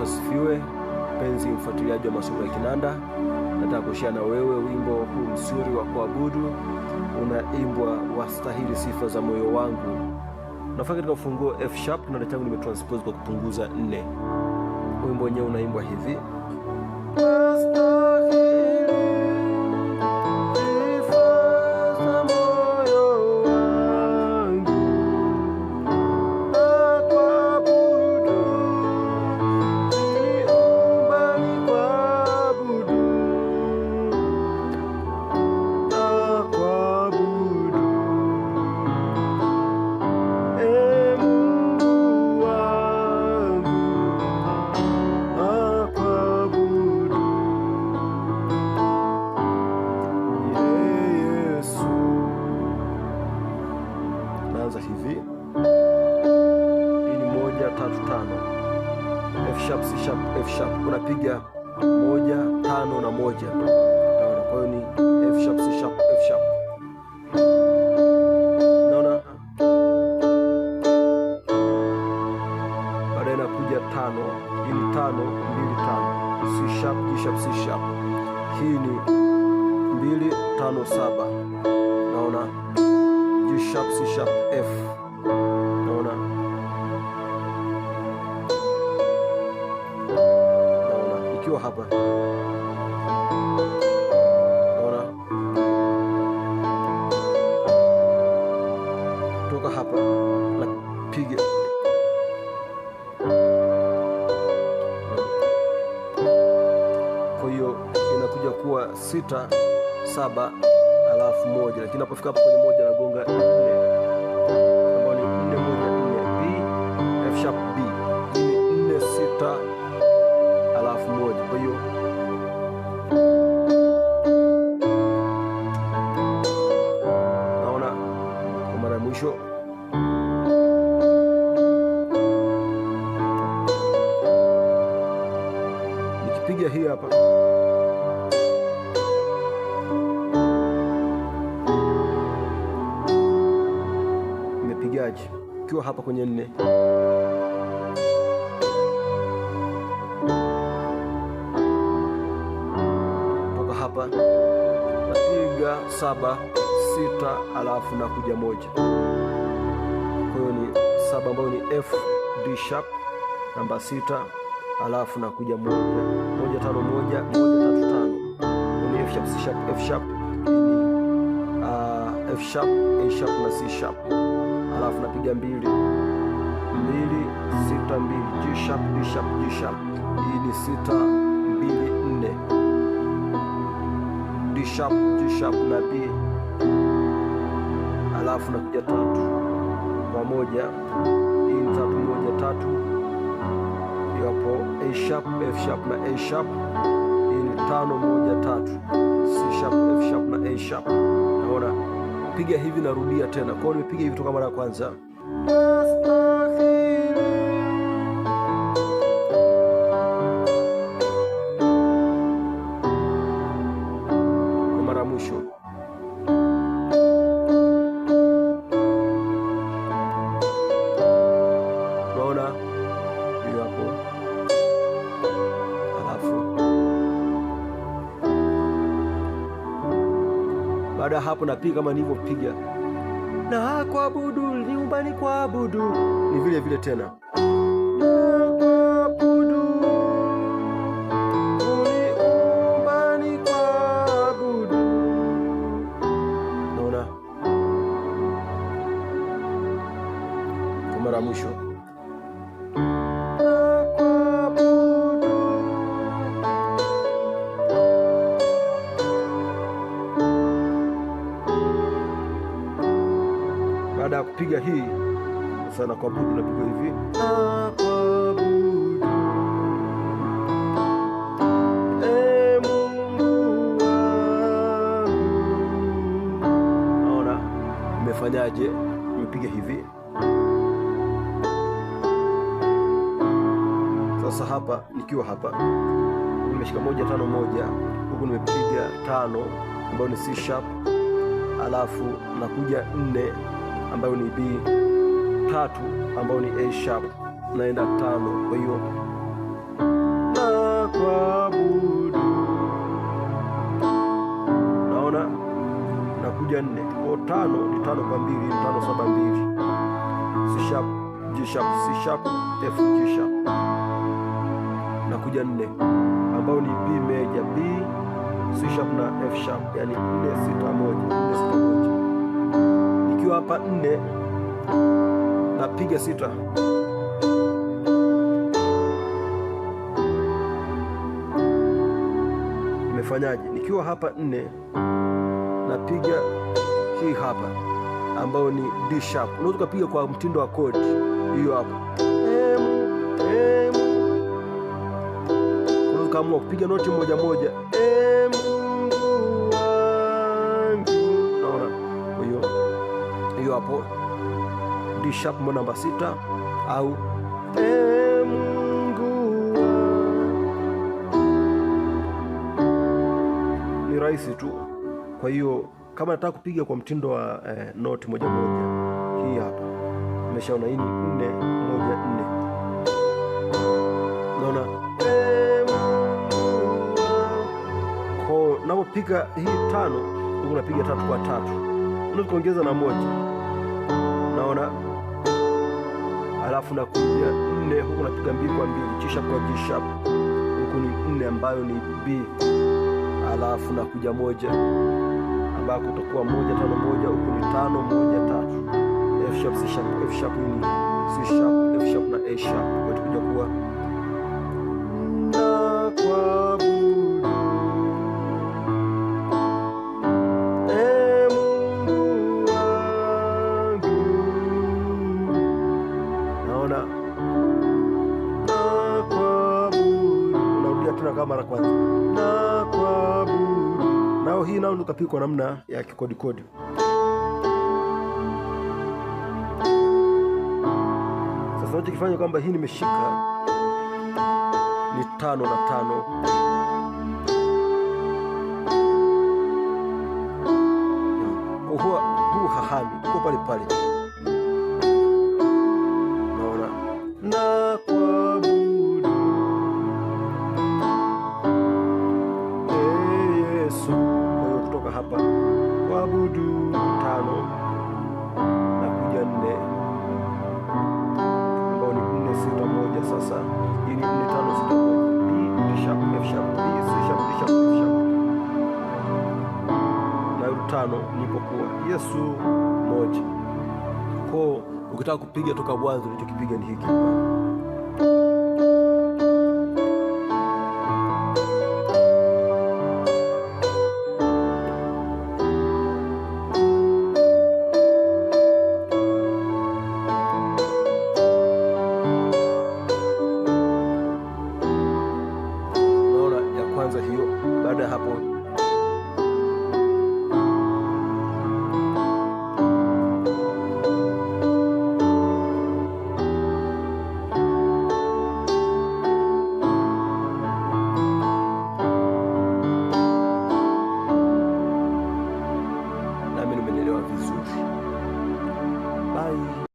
Yesu asifiwe. Mpenzi mfuatiliaji wa masomo ya kinanda, nataka kushia na wewe wimbo huu mzuri wa kuabudu unaimbwa, wastahili sifa za moyo wangu. nafaa katika ufunguo F sharp na ndio tangu nimetranspose kwa kupunguza 4. Wimbo wenyewe unaimbwa hivi tano F sharp, C sharp, F sharp, unapiga moja tano na moja. Naona, kwa hiyo ni F sharp, C sharp, F sharp. Naona baadaye nakuja tano, ili tano mbili tano, C sharp, G sharp, C sharp. Hii ni mbili tano saba. Naona G sharp, C sharp, F hapa. Unaona? Toka hapa piga kwa hiyo inakuja kuwa sita saba alafu moja, lakini napofika hapo kwenye moja nagonga ukiwa hapa kwenye nne. Toka hapa napiga saba sita, alafu na kuja moja. Kwa hiyo ni saba ambayo ni F D sharp namba sita, alafu na kuja moja moja tano moja moja tatu tano ni F sharp, C sharp, F sharp, uh, F sharp, A sharp na C sharp alafu napiga mbili mbili sita mbili G sharp D sharp G sharp. Hii ni sita mbili nne D sharp G sharp na B, alafu napiga tatu kwa moja. Hii ni tatu moja tatu, yapo A sharp F sharp na A sharp. Hii ni tano moja tatu C sharp F sharp na A sharp, naona napiga hivi, narudia tena. Kwa hiyo nimepiga hivi toka mara ya kwanza. baada ya hapo napiga kama nilivyopiga, na kuabudu nyumbani, kuabudu ni vile vile tena mwisho ya kupiga hii sasa, na kuabudu napigwa hivi naona imefanyaje, imepiga hivi sasa. Hapa nikiwa hapa nimeshika moja tano moja, huku nimepiga tano ambayo ni C sharp, alafu nakuja nne ambayo ni B tatu ambayo ni A sharp naenda tano. Kwa hiyo na kuabudu, naona nakuja nne o tano ni tano kwa mbili tano saba mbili C sharp G sharp C sharp F G sharp nakuja nne ambayo ni B major, B C sharp na F sharp, yani nne sita moja nne sita moja nikiwa hapa nne napiga sita nimefanyaje? Nikiwa hapa nne napiga hii hapa ambayo ni D sharp. Unaweza ukapiga kwa mtindo wa kodi hiyo hapo, unaweza ukaamua kupiga noti moja moja M. hiyo hapo D sharp mo namba sita au e Mungu, ni rahisi tu. Kwa hiyo kama nataka kupiga kwa mtindo wa eh, noti moja moja, hii hapa nimeshaona hii ni nne moja nne, naona e ko napopiga hii tano, unapiga tatu kwa tatu unaweza kuongeza na moja, naona alafu nakuja nne huku napiga mbili kwa mbili G sharp kwa G sharp, huku ni nne ambayo ni B, alafu nakuja moja ambayo utakuwa moja tano moja, huku ni tano moja tatu F sharp C sharp F sharp ni C sharp F sharp na A sharp, kwa tukuja kuwa unaona, unarudia tena kama mara kwanza, nao hii nao kwa namna ya kikodikodi. Sasa nachokifanya kwamba hii nimeshika ni tano na tano huu hahami uko pale pale. na kuabudu e ee Yesu. Kwa hiyo kutoka hapa kuabudu tano na kuja nne, ambao ni nne sita moja. Sasa hii ni nne tano sita moja, B sharp F sharp B sharp D sharp F sharp na tano, nilipokuwa Yesu moja ko Ukitaka kupiga toka mwanzo, ulichokipiga ni hiki.